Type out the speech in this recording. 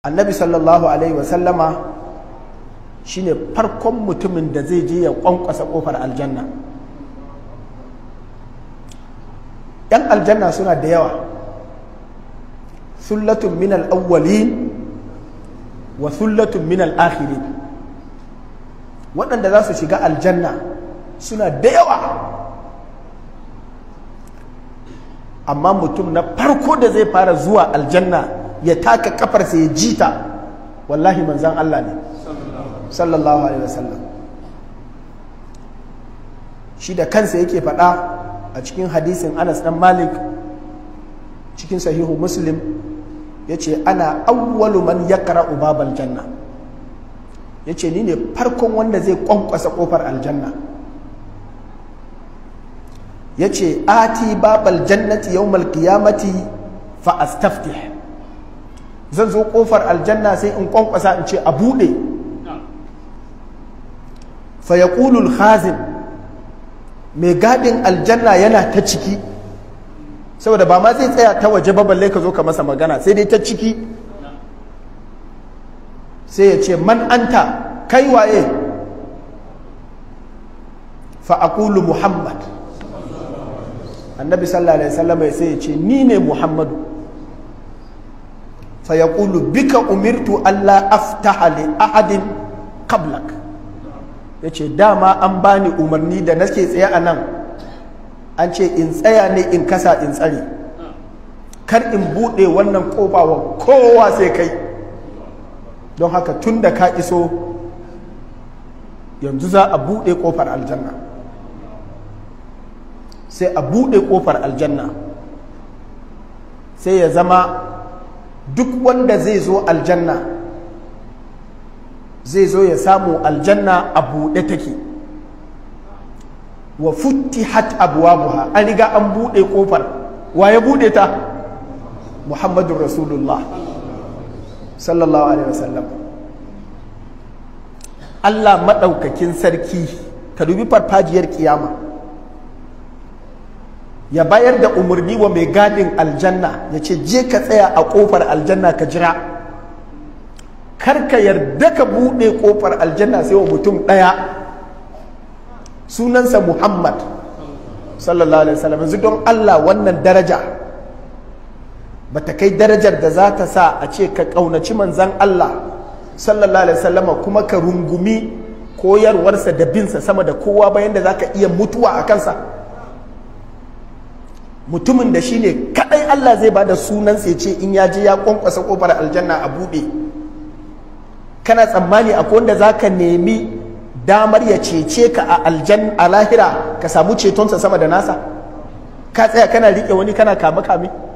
annabi sallallahu alaihi wasallama shine farkon mutumin da zai je ya kwankwasa kofar aljanna yan aljanna suna da yawa sullatun min al'awwalin wa sullatun min al'akhirin waɗanda za su shiga aljanna suna da yawa amma mutum na farko da zai fara zuwa aljanna ya taka kafarsa ya jita wallahi manzan Allah ne sallallahu alaihi wasallam shi da kansa yake faɗa a cikin hadisin Anas dan Malik cikin sahihu Muslim yace ana awwalu man yaqra'u babal janna yace ni ne farkon wanda zai kwankwasa kofar aljanna yace ati babal jannati yawmal qiyamati fa astaftih zan zo kofar aljanna sai in kwankwasa in ce a buɗe fayakulul yaqulul khazin mai gadin aljanna yana ta ciki saboda ba ma zai tsaya ta waje ba balle ka zo ka masa magana sai dai ta ciki sai ya ce man anta kai waye fa muhammad annabi sallallahu alaihi wasallam sai ya ce ni ne muhammadu fa kulu bika umirtu Allah aftaha li ahadin kablak yace dama an bani umarni da nake tsaye a nan an ce in tsaya ne in kasa in tsare kar in buɗe wannan kofa wa kowa sai kai don haka tun da ka iso yanzu za a buɗe kofar aljanna sai a buɗe kofar aljanna sai ya zama duk wanda zai zo aljanna zai zo ya samu aljanna a buɗe take wa futtihat abwabuha an riga an buɗe ƙofar wa ya buɗe ta Muhammadu rasulullah sallallahu alaihi wasallam Allah maɗaukakin sarki ka dubi farfajiyar kiyama ya bayar da umarni wa mai gadin aljanna ya ce je ka tsaya a kofar aljanna ka jira kar ka yarda ka buɗe kofar aljanna sai wa mutum ɗaya sunansa muhammad sallallahu alaihi wasallam yanzu don allah wannan daraja ba ta kai darajar da za ta sa a ce ka ƙaunaci manzan allah sallallahu alaihi wasallam kuma ka rungumi koyarwarsa da binsa sama da kowa bayan da za ka iya mutuwa a kansa mutumin da shi ne kaɗai Allah zai ba da sunan sai ce in ya je ya kwankwasa kofar aljanna a buɗe kana tsammani akwai wanda za ka nemi damar ya cece ka a aljan a lahira ka samu cetonsa sama da nasa ka tsaya kana riƙe wani kana kame kame